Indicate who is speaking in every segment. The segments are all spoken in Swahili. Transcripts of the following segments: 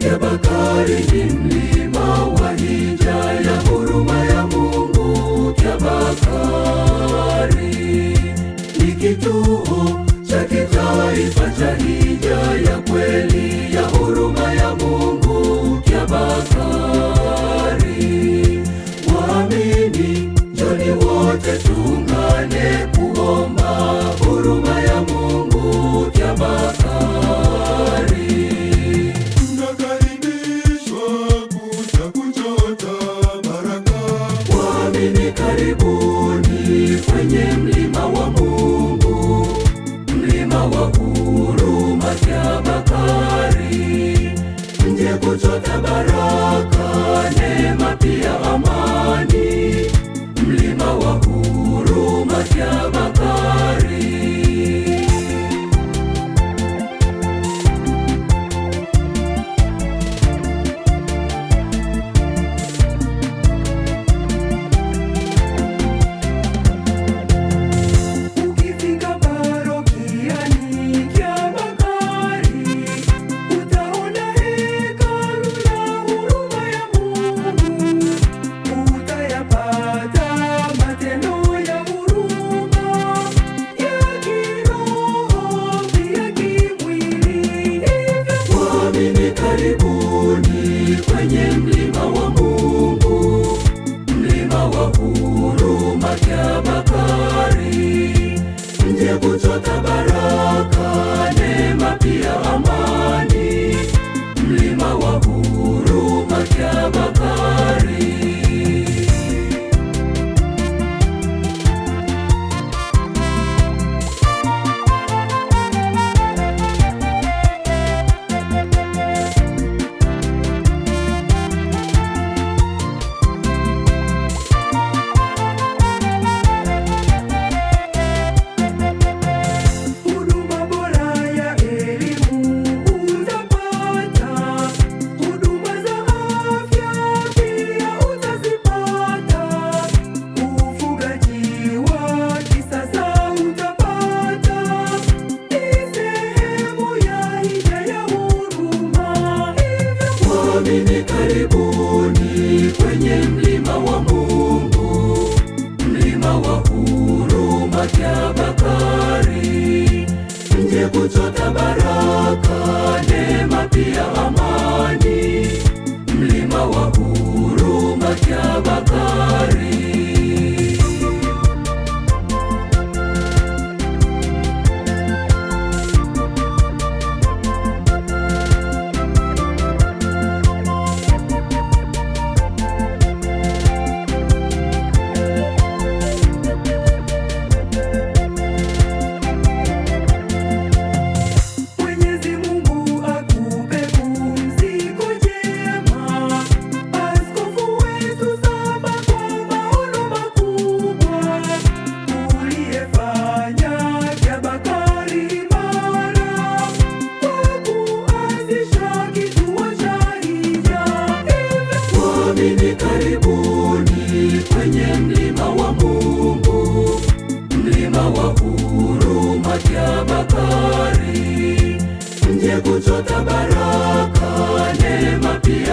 Speaker 1: karibuni ni mlima wa hija ya huruma ya Mungu. Tafakari ni kituo cha kitaifa cha hija ya kweli ya huruma ya Mungu. Bakari, waamini, njoni wote tuungane hivi karibuni kwenye mlima wa Mungu, mlima wa huruma ya Bakari, nje kuchota baraka, neema pia amani, mlima wa huruma ya Jabba kwenye mlima wa Mungu, mlima wa huruma Kiabakari, mje kuchota baraka, neema pia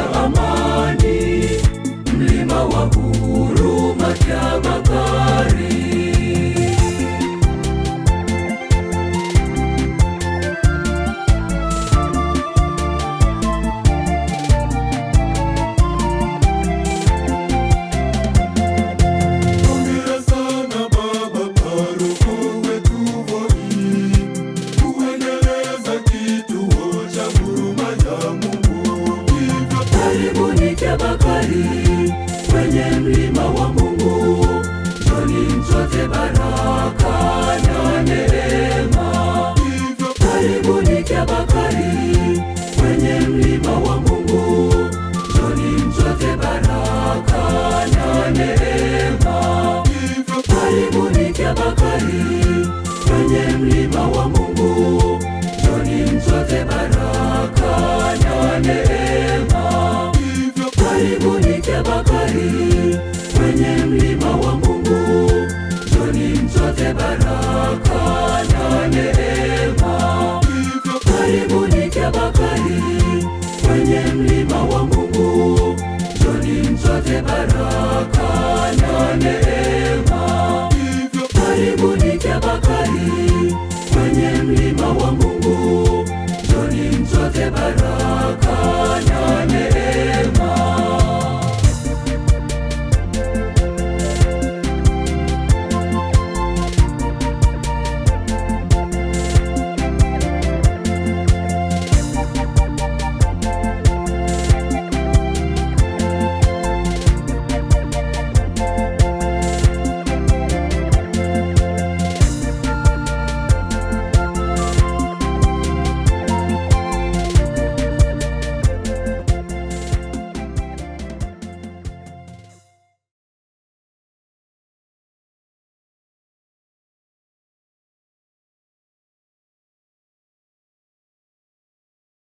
Speaker 1: Karibuni bakari kwenye mlima wa Mungu, joni mchote baraka na neema. Karibu nike bakari kwenye mlima wa Mungu, joni mchote baraka na neema. Karibu nike bakari kwenye mlima wa Mungu, joni mchote baraka